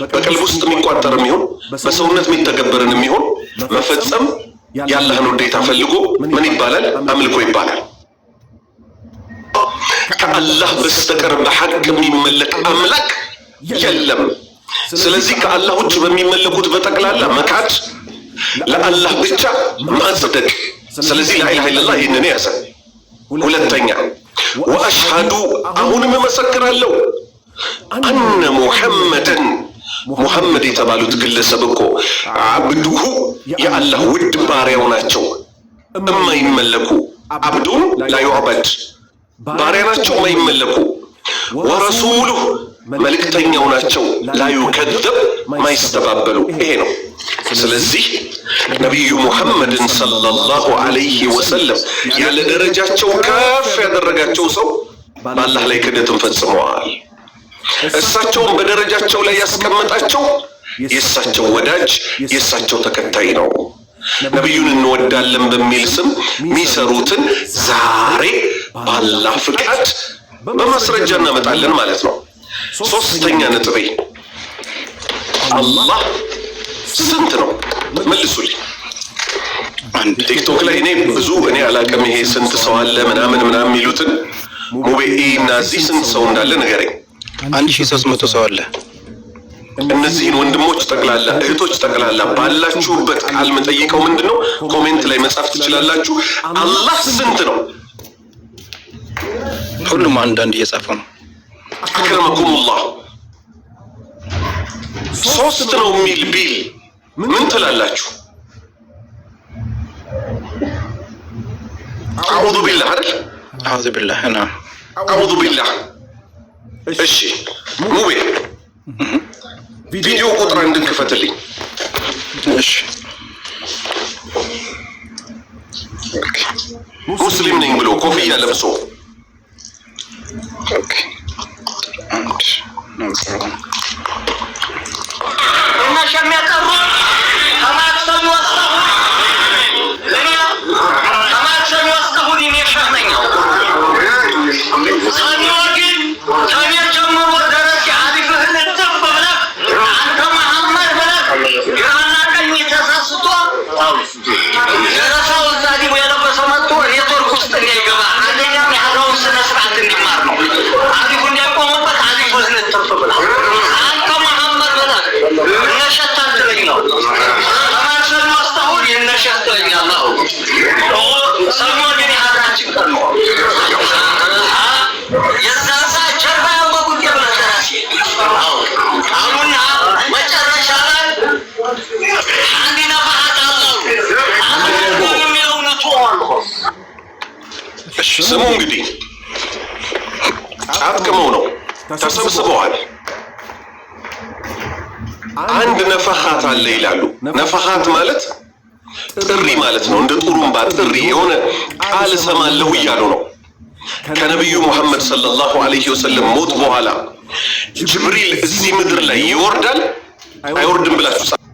በቀልብ ውስጥ የሚቋጠር የሚሆን በሰውነት የሚተገበርን የሚሆን መፈጸም ያለህን ውዴታ ፈልጎ ምን ይባላል? አምልኮ ይባላል። ከአላህ በስተቀር በሐቅ የሚመለክ አምላክ የለም። ስለዚህ ከአላህ ውጭ በሚመለኩት በጠቅላላ መካድ፣ ለአላህ ብቻ ማጽደቅ። ስለዚህ ላኢላሃ ኢለላህ ይህንን ያዘ። ሁለተኛ ወአሽሃዱ አሁንም እመሰክራለሁ አነ ሙሐመደን ሙሐመድ የተባሉት ግለሰብ እኮ አብዱሁ የአላህ ውድ ባሪያው ናቸው። እማይመለኩ አብዱን ላዩዕበድ ባሪያ ናቸው ማይመለኩ። ወረሱሉ መልእክተኛው ናቸው ላዩከዘብ ማይስተባበሉ። ይሄ ነው። ስለዚህ ነቢዩ ሙሐመድን ሰለላሁ ዐለይሂ ወሰለም ያለ ደረጃቸው ከፍ ያደረጋቸው ሰው በአላህ ላይ ክደትን ፈጽመዋል። እሳቸውን በደረጃቸው ላይ ያስቀመጣቸው የእሳቸው ወዳጅ የእሳቸው ተከታይ ነው። ነቢዩን እንወዳለን በሚል ስም የሚሰሩትን ዛሬ ባላ ፍቃድ በማስረጃ እናመጣለን ማለት ነው። ሶስተኛ ነጥቤ አላህ ስንት ነው? መልሱልኝ። ቲክቶክ ላይ እኔ ብዙ እኔ አላቅም። ይሄ ስንት ሰው አለ ምናምን ምናምን የሚሉትን ሙቤ እና እዚህ ስንት ሰው እንዳለ ንገረኝ። አንድ ሺህ ሶስት መቶ ሰው አለ። እነዚህን ወንድሞች ጠቅላላ እህቶች ጠቅላላ ባላችሁበት ቃል መጠይቀው ምንድን ነው ኮሜንት ላይ መጻፍ ትችላላችሁ። አላህ ስንት ነው? ሁሉም አንዳንድ እየጻፈ ነው። አክረመኩሙላህ ሶስት ነው የሚል ቢል ምን ትላላችሁ? አዑዙ ቢላህ አይደል? አዑዙ ቢላህ እሺ ሙቤ ቪዲዮ ቁጥር አንድን ክፈትልኝ። እሺ ሙስሊም ነኝ ብሎ ኮፍያ ለብሶ ኦኬ እና ሸሚያ ቀሩ ተፍ ብላ አንተ ስሙ እንግዲህ አጥቅመው ነው ተሰብስበዋል። አንድ ነፈሃት አለ ይላሉ። ነፈሃት ማለት ጥሪ ማለት ነው። እንደ ጡሩምባ ጥሪ የሆነ ቃል እሰማለሁ እያሉ ነው። ከነቢዩ ሙሐመድ ሰለላሁ ዐለይሂ ወሰለም ሞት በኋላ ጅብሪል እዚህ ምድር ላይ ይወርዳል አይወርድም ብላችሁ